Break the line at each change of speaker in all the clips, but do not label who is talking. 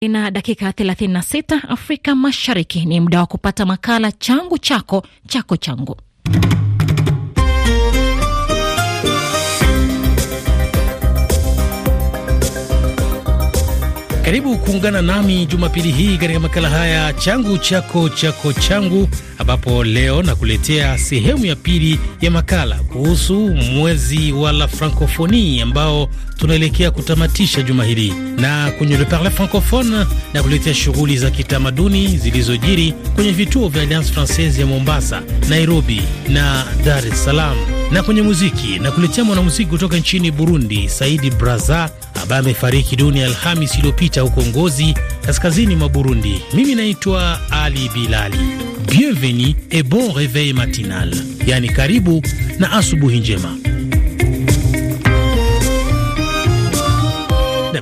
Ina dakika 36 Afrika Mashariki ni muda wa kupata makala changu chako chako changu.
Karibu kuungana nami Jumapili hii katika makala haya changu chako chako changu, ambapo leo nakuletea sehemu ya pili ya makala kuhusu mwezi wa la Francophonie ambao tunaelekea kutamatisha juma hili, na kwenye Le Parle Francophone na kuletea shughuli za kitamaduni zilizojiri kwenye vituo vya Alliance Francaise ya Mombasa, Nairobi na Dar es Salaam, na kwenye muziki na kuletea mwanamuziki kutoka nchini Burundi, Saidi Braza ambaye amefariki dunia Alhamis iliyopita huko Ngozi, kaskazini mwa Burundi. Mimi naitwa Ali Bilali. Bienveni et bon reveil matinal, yaani karibu na asubuhi njema.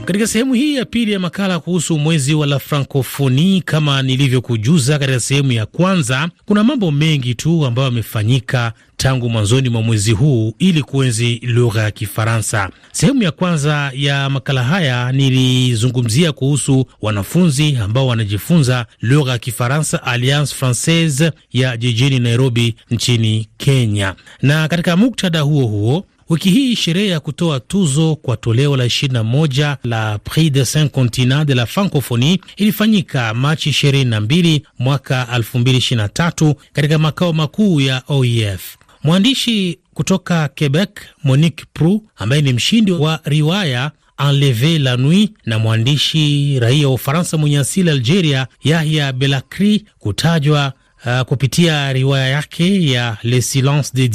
Katika sehemu hii ya pili ya makala kuhusu mwezi wa la Francofoni, kama nilivyokujuza katika sehemu ya kwanza, kuna mambo mengi tu ambayo yamefanyika tangu mwanzoni mwa mwezi huu ili kuenzi lugha ya Kifaransa. Sehemu ya kwanza ya makala haya nilizungumzia kuhusu wanafunzi ambao wanajifunza lugha ya Kifaransa Alliance Francaise ya jijini Nairobi nchini Kenya, na katika muktadha huo huo Wiki hii sherehe ya kutoa tuzo kwa toleo la 21 la Prix de Saint Continent de la Francophonie ilifanyika Machi 22 mwaka 2023 katika makao makuu ya OEF. Mwandishi kutoka Quebec Monique Prou ambaye ni mshindi wa riwaya Enleve la Nuit na mwandishi raia wa Ufaransa mwenye asili Algeria Yahya Belakri kutajwa uh, kupitia riwaya yake ya Le Silence de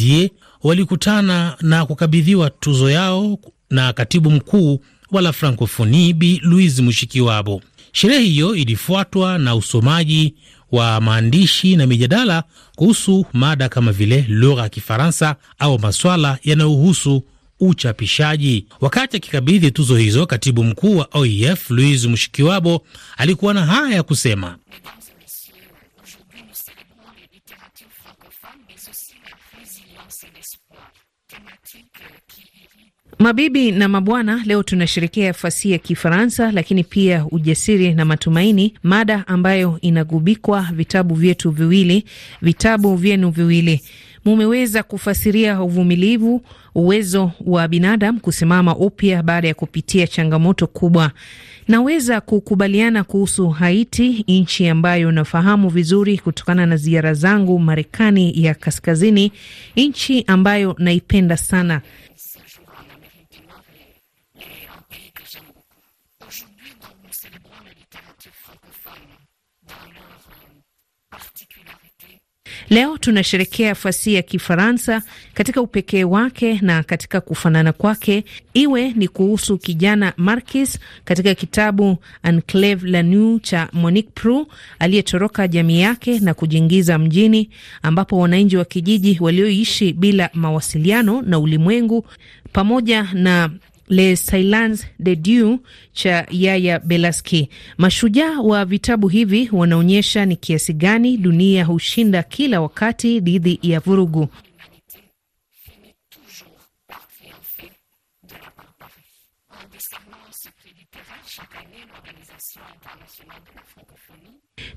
walikutana na kukabidhiwa tuzo yao na katibu mkuu wa La Francofoni Bi Louis Mushikiwabo. Sherehe hiyo ilifuatwa na usomaji wa maandishi na mijadala kuhusu mada kama vile lugha ya Kifaransa au maswala yanayohusu uchapishaji. Wakati akikabidhi tuzo hizo, katibu mkuu wa OIF e Louis Mushikiwabo alikuwa na haya ya kusema.
Mabibi na mabwana, leo tunasherekea fasihi ya Kifaransa, lakini pia ujasiri na matumaini, mada ambayo inagubikwa vitabu vyetu viwili, vitabu vyenu viwili. Mumeweza kufasiria uvumilivu, uwezo wa binadamu kusimama upya baada ya kupitia changamoto kubwa. Naweza kukubaliana kuhusu Haiti, nchi ambayo nafahamu vizuri kutokana na ziara zangu Marekani ya Kaskazini, nchi ambayo naipenda sana. Leo tunasherekea fasihi ya Kifaransa katika upekee wake na katika kufanana kwake, iwe ni kuhusu kijana Marquis katika kitabu Enclave la Nuit cha Monique Pru aliyetoroka jamii yake na kujiingiza mjini, ambapo wananchi wa kijiji walioishi bila mawasiliano na ulimwengu pamoja na Le Silence de Dieu cha Yaya Belaski. Mashujaa wa vitabu hivi wanaonyesha ni kiasi gani dunia hushinda kila wakati dhidi ya vurugu.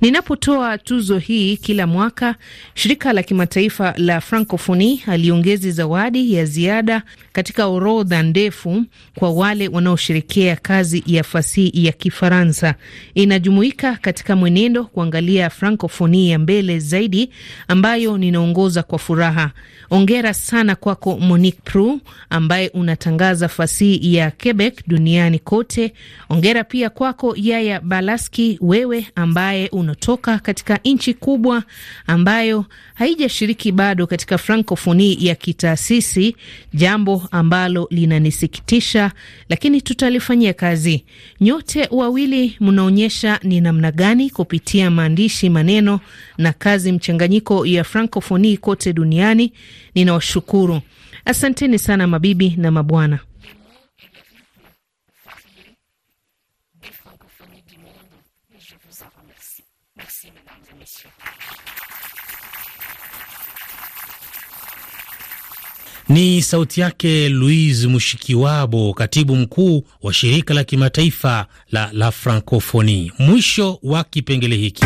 Ninapotoa tuzo hii kila mwaka, shirika la kimataifa la Francofoni aliongezi zawadi ya ziada katika orodha ndefu kwa wale wanaoshirikia kazi ya fasihi ya Kifaransa. Inajumuika katika mwenendo kuangalia Francofoni ya mbele zaidi, ambayo ninaongoza kwa furaha. Ongera sana kwako Monique Prou ambaye unatangaza fasihi ya Quebec duniani kote. Ongera pia kwako Yaya Balas Kaski, wewe ambaye unatoka katika nchi kubwa ambayo haijashiriki bado katika frankofoni ya kitaasisi, jambo ambalo linanisikitisha, lakini tutalifanyia kazi. Nyote wawili mnaonyesha ni namna gani kupitia maandishi, maneno na kazi mchanganyiko ya frankofoni kote duniani. Ninawashukuru, asanteni sana mabibi na mabwana.
Ni sauti yake louis Mushikiwabo, katibu mkuu wa shirika la kimataifa la la Francophonie. Mwisho wa kipengele hiki.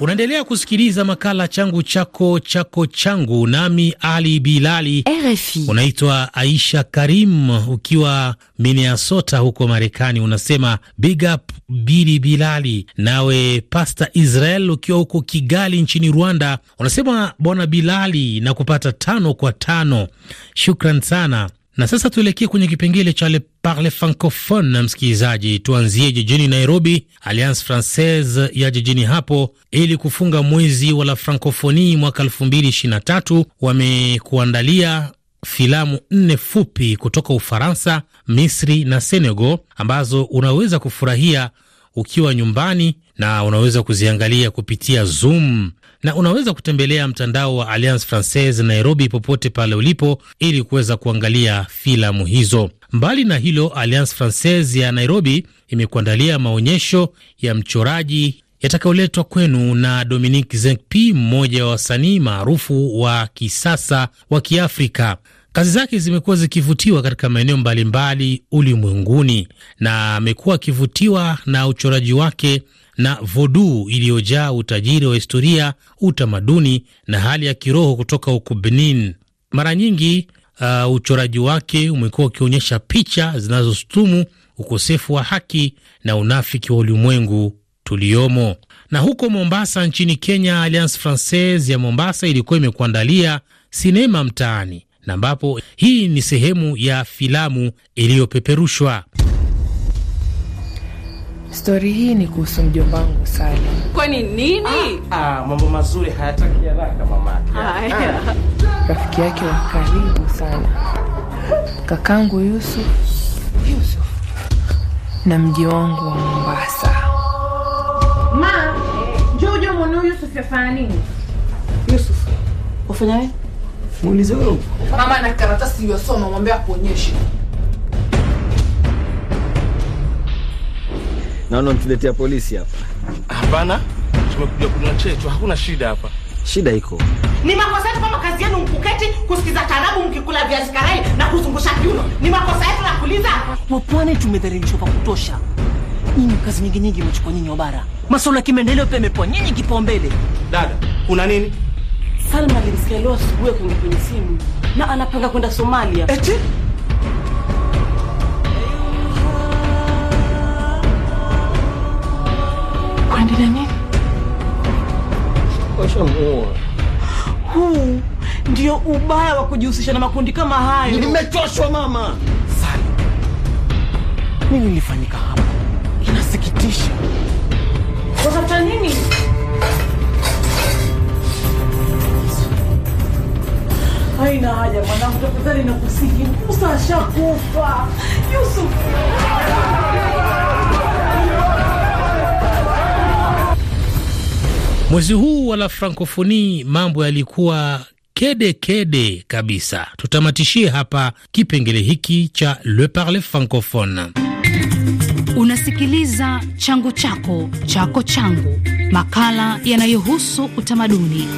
Unaendelea kusikiliza makala changu chako chako changu, nami Ali Bilali RFI. Unaitwa Aisha Karim ukiwa Minnesota huko Marekani, unasema big up Bili Bilali. Nawe Pasta Israel ukiwa huko Kigali nchini Rwanda, unasema bwana Bilali na kupata tano kwa tano. Shukran sana. Na sasa tuelekee kwenye kipengele cha Le Parle Francophone. Na msikilizaji, tuanzie jijini Nairobi. Alliance Francaise ya jijini hapo ili kufunga mwezi wa la Francophonie mwaka 2023 wamekuandalia filamu nne fupi kutoka Ufaransa, Misri na Senegal ambazo unaweza kufurahia ukiwa nyumbani na unaweza kuziangalia kupitia Zoom na unaweza kutembelea mtandao wa Alliance Francaise Nairobi popote pale ulipo ili kuweza kuangalia filamu hizo. Mbali na hilo, Alliance Francaise ya Nairobi imekuandalia maonyesho ya mchoraji yatakayoletwa kwenu na Dominique Zenkpi, mmoja wa wasanii maarufu wa kisasa wa Kiafrika. Kazi zake zimekuwa zikivutiwa katika maeneo mbalimbali ulimwenguni na amekuwa akivutiwa na uchoraji wake na voduu iliyojaa utajiri wa historia, utamaduni na hali ya kiroho kutoka huko Benin. Mara nyingi uh, uchoraji wake umekuwa ukionyesha picha zinazostumu ukosefu wa haki na unafiki wa ulimwengu tuliomo. Na huko Mombasa nchini Kenya, Alliance Francaise ya Mombasa ilikuwa imekuandalia sinema mtaani na ambapo hii ni sehemu ya filamu iliyopeperushwa.
Stori hii ni kuhusu mjomba wangu Sali.
Kwani nini?
Ah, ah, mambo mazuri hayataki haraka mama. Ah, ah. rafiki yake wa karibu sana kakangu Yusuf, Yusuf na mji
wangu wa Mombasa. Ma, njoo ujue mwanao Yusuf yafanya nini? Yusuf, wafanya nini? Muulize wewe. Mama na
karatasi iliyosoma, mwambie akuonyeshe.
Naona mtuletea polisi hapa. Hapana, tumekuja kuna chetu, hakuna shida hapa. Shida iko
ni makosa yetu kama kazi yenu mkuketi kusikiza tarabu mkikula
viazi karai na kuzungusha kiuno. Ni makosa yetu na kuliza. Wapwani tumedhalilishwa kwa kutosha. Nyinyi kazi nyingi nyingi mchukua nyinyi wabara. Masuala ya kimaendeleo pia yamepewa nyinyi kipaumbele.
Dada, kuna nini? Salma alimsikia leo asubuhi akiongea kwenye simu na anapanga kwenda Somalia. Eti?
Kuendelea nini?
Washamuua. Huu ndio ubaya wa kujihusisha na makundi kama hayo. Nimechoshwa mama.
Sali. Nini ilifanyika hapa?
Inasikitisha. Unataka nini? Haina haja mwanangu, tafadhali nakusihi, Musa ashakufa. Yusuf
Mwezi huu wa la Frankofoni mambo yalikuwa kede kede kabisa. Tutamatishie hapa kipengele hiki cha Le Parle Francophone.
Unasikiliza changu chako chako changu, makala yanayohusu utamaduni.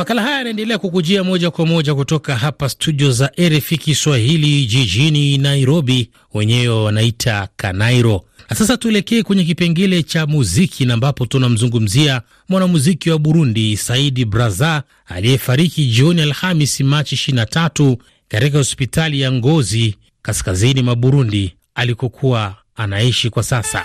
Makala haya yanaendelea kukujia moja kwa moja kutoka hapa studio za RFI Kiswahili jijini Nairobi, wenyewe wanaita Kanairo. Na sasa tuelekee kwenye kipengele cha muziki, na ambapo tunamzungumzia mwanamuziki wa Burundi Saidi Braza aliyefariki jioni Alhamis Machi 23 katika hospitali ya Ngozi kaskazini mwa Burundi alikokuwa anaishi kwa sasa.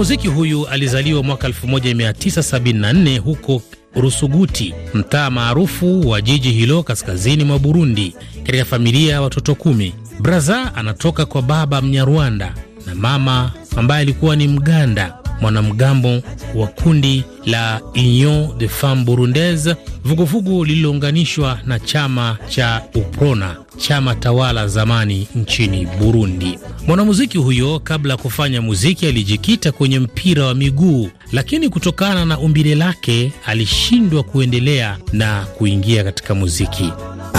Mwanamuziki huyu alizaliwa mwaka 1974 huko Rusuguti, mtaa maarufu wa jiji hilo kaskazini mwa Burundi, katika familia ya watoto kumi. Braza anatoka kwa baba Mnyarwanda na mama ambaye alikuwa ni Mganda mwanamgambo wa kundi la Union de Femmes Burundaise, vuguvugu lililounganishwa na chama cha UPRONA, chama tawala zamani nchini Burundi. Mwanamuziki huyo kabla ya kufanya muziki alijikita kwenye mpira wa miguu, lakini kutokana na umbile lake alishindwa kuendelea na kuingia katika muziki.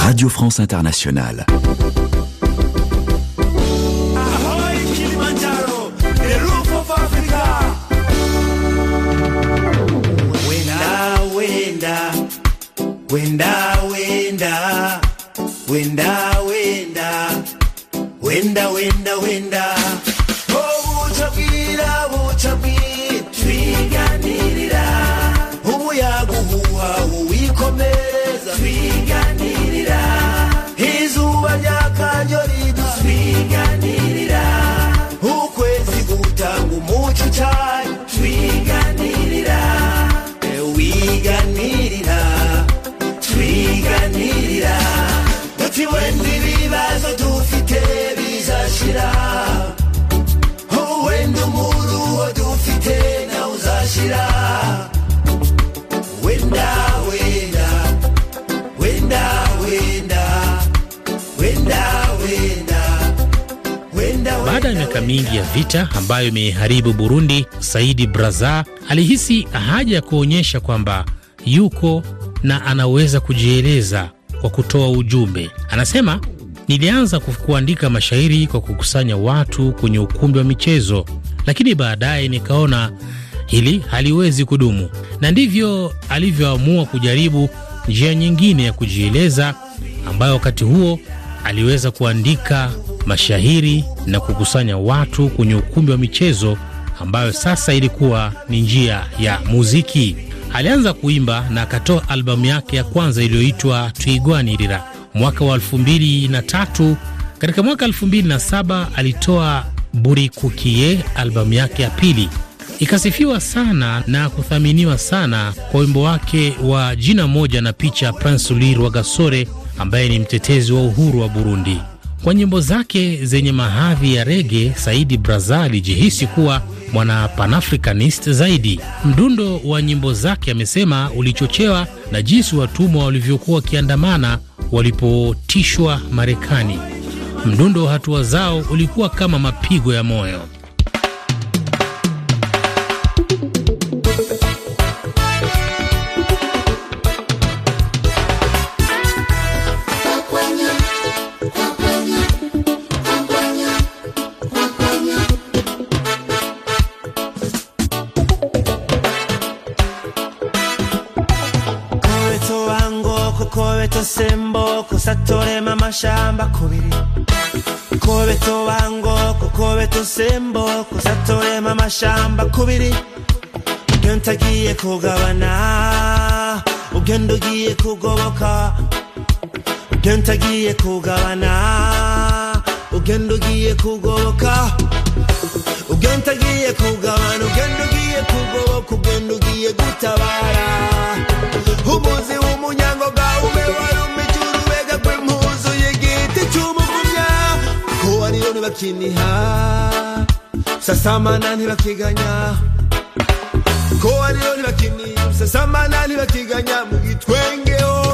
Radio France Internationale wenda
wenda wenda wenda wenda wenda wenda obuca bwira buca bwira twiganirira umuyaga uhuha uwikomereza twiganirira izuba ryakajyo ridu twiganirira ukwezi gutanga umuco cyane
mingi ya vita ambayo imeharibu Burundi, Saidi Braza alihisi haja ya kuonyesha kwamba yuko na anaweza kujieleza kwa kutoa ujumbe. Anasema, nilianza kuandika mashairi kwa kukusanya watu kwenye ukumbi wa michezo, lakini baadaye nikaona hili haliwezi kudumu, na ndivyo alivyoamua kujaribu njia nyingine ya kujieleza ambayo wakati huo aliweza kuandika mashahiri na kukusanya watu kwenye ukumbi wa michezo ambayo sasa ilikuwa ni njia ya muziki. Alianza kuimba na akatoa albamu yake ya kwanza iliyoitwa Twigwanirira mwaka wa 2003. Katika mwaka 2007 alitoa Burikukie, albamu yake ya pili, ikasifiwa sana na kuthaminiwa sana kwa wimbo wake wa jina moja na picha Prince Louis Rwagasore ambaye ni mtetezi wa uhuru wa Burundi. Kwa nyimbo zake zenye mahadhi ya rege, Saidi Braza alijihisi kuwa mwana panafricanist zaidi. Mdundo wa nyimbo zake, amesema, ulichochewa na jinsi watumwa walivyokuwa wakiandamana walipotishwa Marekani. Mdundo wa hatua zao ulikuwa kama mapigo ya moyo.
kobe tosembo kosatorema amashamba kubiri kobe tobangoko kobe tosembo kosatorema amashamba kubiri ibyo ntagiye kugabana ugenda ugiye kugoboka ibyo ntagiye kugabana ugenda ugiye kugoboka ugenda ugiye kugabana ugenda ugiye kugoboka ugenda ugiye gutabara umuzi w'umunyangoga umubare umukino ubega rw'impuzu y'igiti cy'umuvumya kuba ariyo ntibakiniha sasamana ntibakiganya ko ariyo ntibakiniha sasamana ntibakiganya mu gitwengeho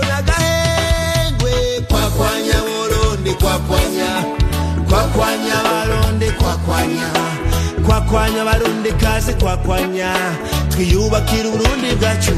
twakwanya abarundi kaze twakwanya twiyubakira uburundi bwacu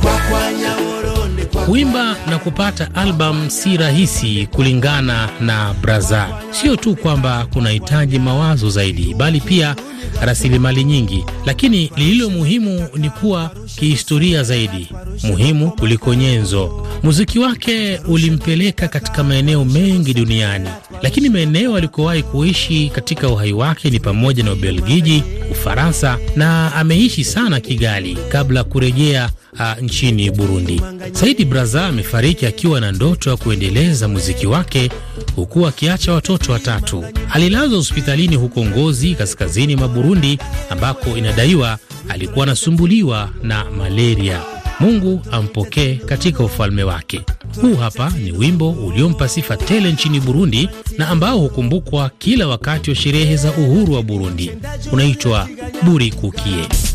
twakwanya burundi Kuimba na kupata albamu si rahisi, kulingana na Braza. Sio tu kwamba kunahitaji mawazo zaidi, bali pia rasilimali nyingi, lakini lililo muhimu ni kuwa kihistoria zaidi, muhimu kuliko nyenzo. Muziki wake ulimpeleka katika maeneo mengi duniani, lakini maeneo alikowahi kuishi katika uhai wake ni pamoja na Ubelgiji, Ufaransa na ameishi sana Kigali kabla kurejea ah, nchini Burundi. Saidi Freddy Braza amefariki akiwa na ndoto ya kuendeleza muziki wake huku akiacha watoto watatu. Alilazwa hospitalini huko Ngozi, kaskazini mwa Burundi, ambako inadaiwa alikuwa anasumbuliwa na malaria. Mungu ampokee katika ufalme wake. Huu hapa ni wimbo uliompa sifa tele nchini Burundi na ambao hukumbukwa kila wakati wa sherehe za uhuru wa Burundi. Unaitwa Burikukie.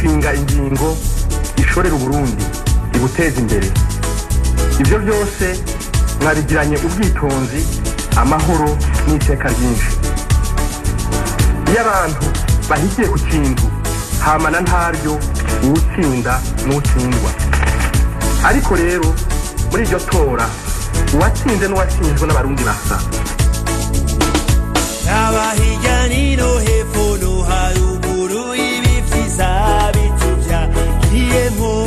gushinga ingingo ishorera uburundi ibuteza imbere ibyo byose mwabigiranye ubwitonzi amahoro n'iteka ryinshi iyo abantu bahigiye ku kintu hamana ntaryo uwutsinda n'utsindwa ariko rero muri iryo tora uwatsinze n'uwatsinzwe n'abarundi basa errou.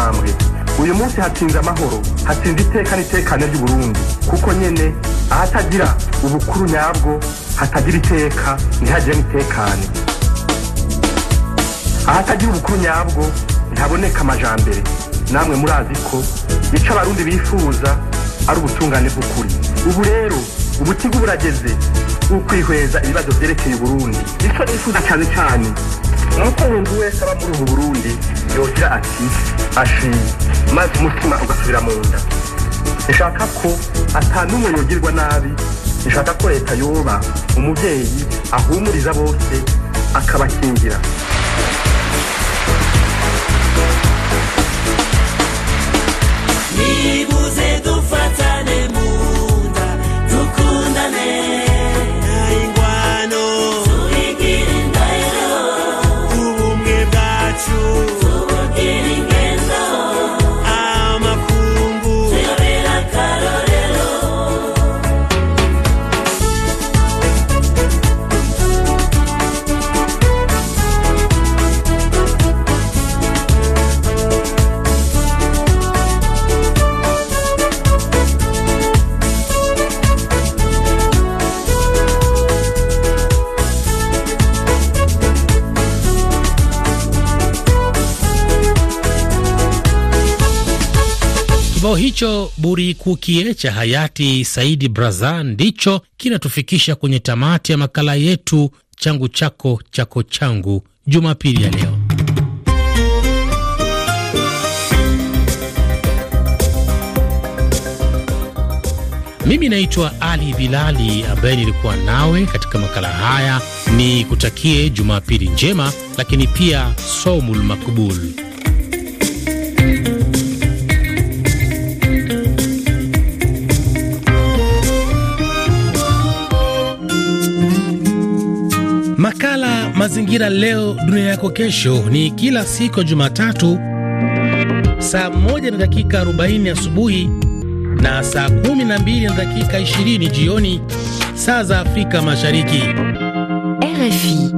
intambwe uyu munsi hatsinze amahoro hatsinze iteka n'itekane ry'uburundi kuko nyine ahatagira ubukuru nyabwo hatagira iteka ntihagire n'itekane ahatagira ubukuru nyabwo ntihaboneka amajambere namwe murazi ko icyo abarundi bifuza ari ubutungane bw'ukuri ubu rero ubutigu burageze ukwihweza ibibazo byerekeye uburundi icyo nifuza cyane cyane nk'uko umuntu wese aba muri ubu burundi yogira ati ashimye maze umutima ugasubira mu nda nshaka ko atanumwe yogirwa nabi nshaka ko leta yoba umubyeyi ahumuriza bose akabakingira
Kibao hicho buri kukie cha hayati Saidi Braza ndicho kinatufikisha kwenye tamati ya makala yetu changu chako chako changu Jumapili ya leo. Mimi naitwa Ali Bilali, ambaye nilikuwa nawe katika makala haya. Ni kutakie Jumapili njema, lakini pia somul makbul. Makala Mazingira Leo Dunia Yako Kesho ni kila siku ya Jumatatu saa moja na dakika 40 asubuhi na saa 12 na dakika 20 jioni saa za Afrika Mashariki. RFI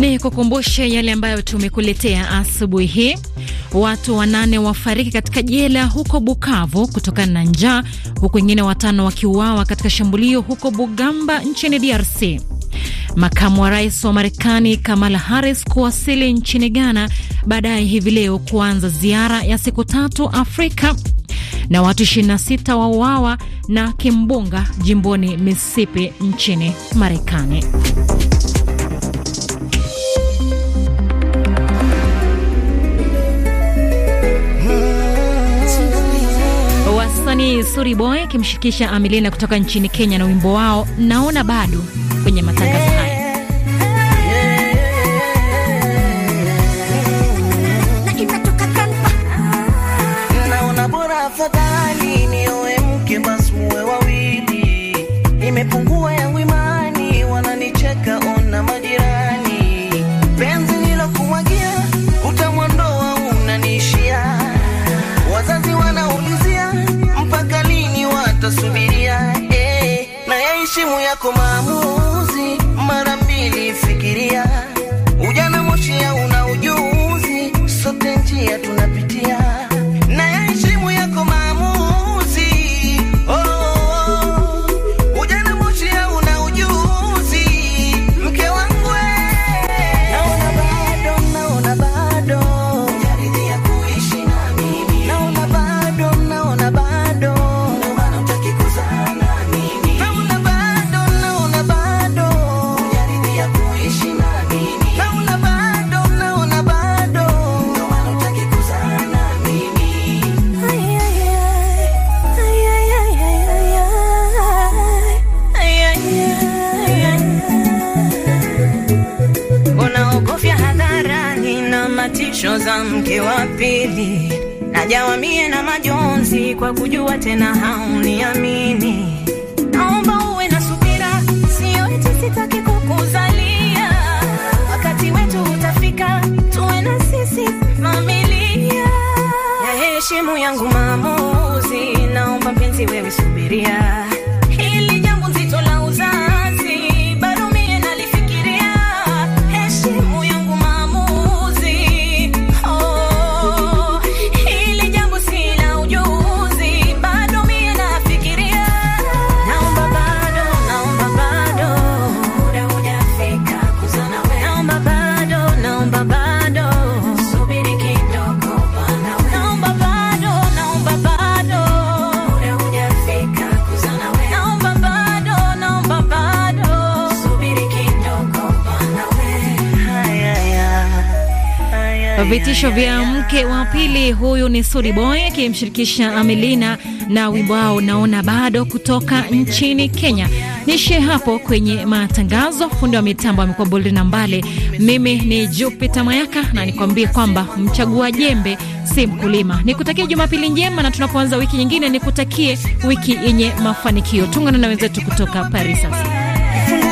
ni kukumbushe yale ambayo tumekuletea asubuhi hii. Watu wanane wafariki katika jela huko Bukavu kutokana na njaa, huku wengine watano wakiuawa katika shambulio huko Bugamba nchini DRC. Makamu wa rais wa Marekani Kamala Harris kuwasili nchini Ghana baadaye hivi leo kuanza ziara ya siku tatu Afrika. Na watu 26 wauawa na kimbunga jimboni Mississippi nchini Marekani. Suri Boy akimshirikisha Amilena kutoka nchini Kenya na wimbo wao naona bado kwenye matangazo
tisho za mke wa pili, najawa mie na majonzi kwa kujua tena hauniamini. Naomba uwe na subira, sio eti sitaki kukuzalia, wakati wetu utafika, tuwe na sisi familia. Na heshimu yangu maamuzi, naomba mpenzi, wewe subiria vitisho
vya mke wa pili. Huyu ni Sudi Boy akimshirikisha Amelina na wimbo wao naona bado, kutoka nchini Kenya. Niishie hapo kwenye matangazo. Fundi wa mitambo amekuwa Boldi na Mbale, mimi ni Jupita Mayaka na nikwambie kwamba mchagua jembe si mkulima. Nikutakie Jumapili njema, na tunapoanza wiki nyingine nikutakie wiki yenye mafanikio. tungana na wenzetu kutoka Paris sasa.